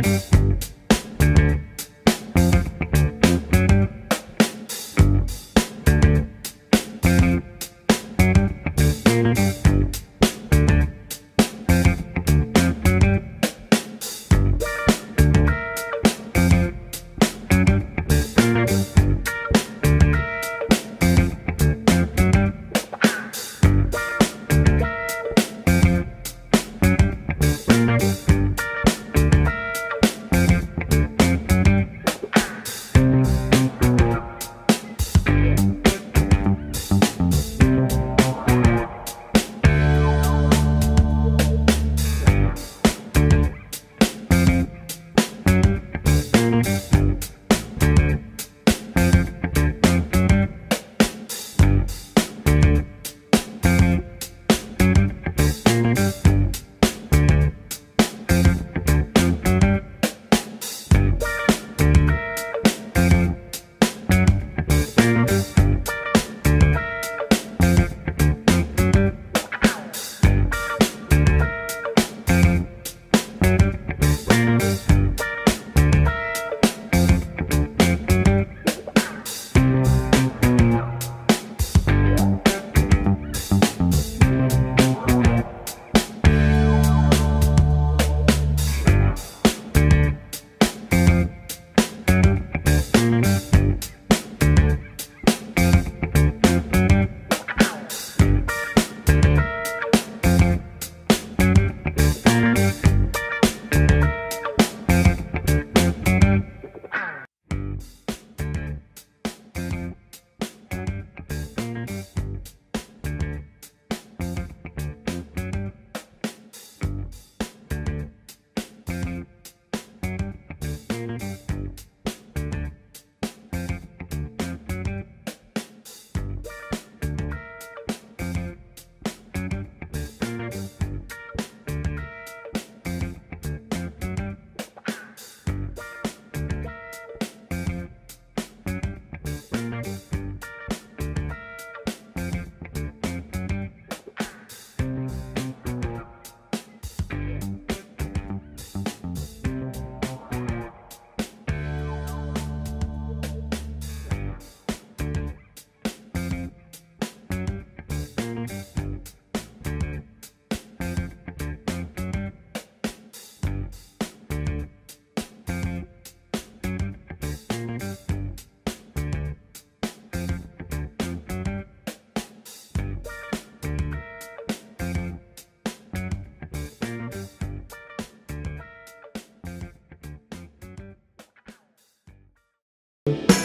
Thank you. you